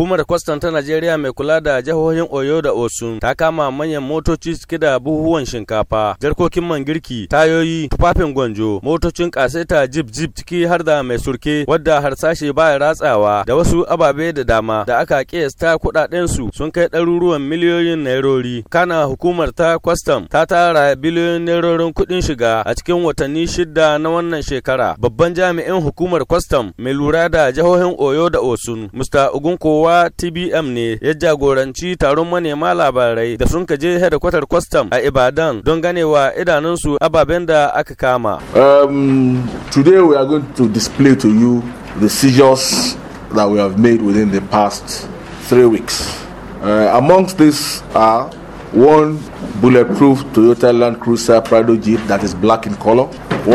Hukumar kwastam ta Najeriya mai kula da jihohin Oyo da Osun ta kama manyan motoci cike da buhuwan shinkafa, jarkokin man girki, tayoyi, tufafin gwanjo, motocin kaseta jip-jip ciki har da mai surke wadda harsashe baya ratsawa da wasu ababe da dama da aka kiyasta kudaden su sun kai ɗaruruwan miliyoyin nairori. Kana hukumar ta kwastam ta tara biliyoyin nairorin kuɗin shiga a cikin watanni shida na wannan shekara. Babban jami'in hukumar kwastam mai lura da jihohin Oyo da Osun, Mr. kowa. kuwa TBM ne ya jagoranci taron manema labarai da sun kaje headquarter kwastam a Ibadan don ganewa idanunsu ababen da aka kama. Um, today we are going to display to you the seizures that we have made within the past three weeks. Uh, amongst these are one bulletproof Toyota Land Cruiser Prado Jeep that is black in color,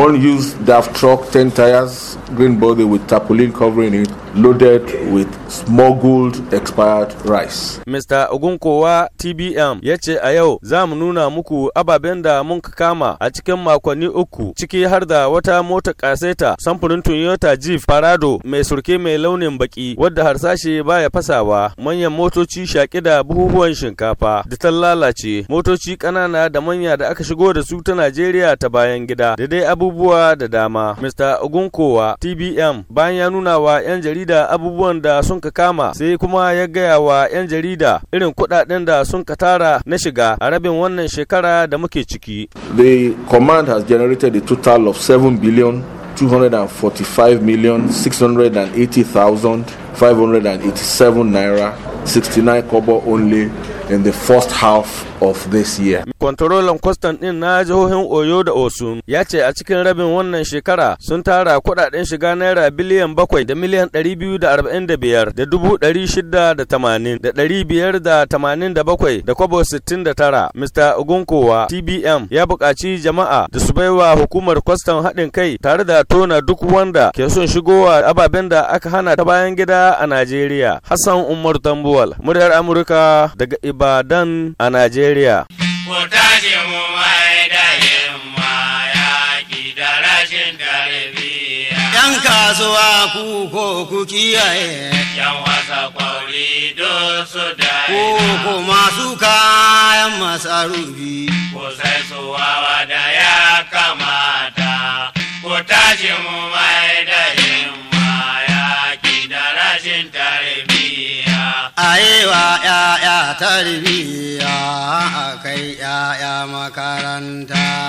one used DAF truck, 10 tires, green body with tarpaulin covering it, loaded with smuggled expired rice. Mr. Ogunkowa TBM ya ce a yau za mu nuna muku ababen da mun kama a cikin makonni uku ciki har da wata mota kaseta samfurin Toyota Jeep Parado mai surke mai launin baki wadda harsashe baya fasawa manyan motoci shaƙi da buhuhuwan shinkafa da ta lalace motoci ƙanana da manya da aka shigo da su ta Najeriya ta bayan gida da dai abubuwa da dama. Mr. Ogunkowa tbm bayan ya nuna wa 'yan jarida abubuwan da sun ka kama sai kuma ya gaya wa 'yan jarida irin kuɗaɗen da sun ka tara na shiga a rabin wannan shekara da muke ciki the command has generated a total of 7 billion 245 million 680,587 naira 69 kobo only in the first half of this year. Kwantarolan kwastan ɗin na jihohin Oyo da Osun ya ce a cikin rabin wannan shekara sun tara kuɗaɗen shiga naira biliyan bakwai da miliyan ɗari biyu da arba'in da biyar da dubu ɗari shida da tamanin da ɗari biyar da tamanin da bakwai da kwabo sittin da tara. Mr. Ogunkowa TBM ya buƙaci jama'a da su baiwa hukumar kwastan haɗin kai tare da tona duk wanda ke son shigowa ababen da aka hana ta bayan gida a Najeriya. Hassan Umar Tambuwal, muryar Amurka daga Ibadan a Najeriya. Ku tashi yaƙi kasuwa ku ko ku kiyaye. Yan wasa kwauri do su da. Ku kuma masu kayan masarufi. ko sai suwa tarbiyya a kai 'ya'ya makaranta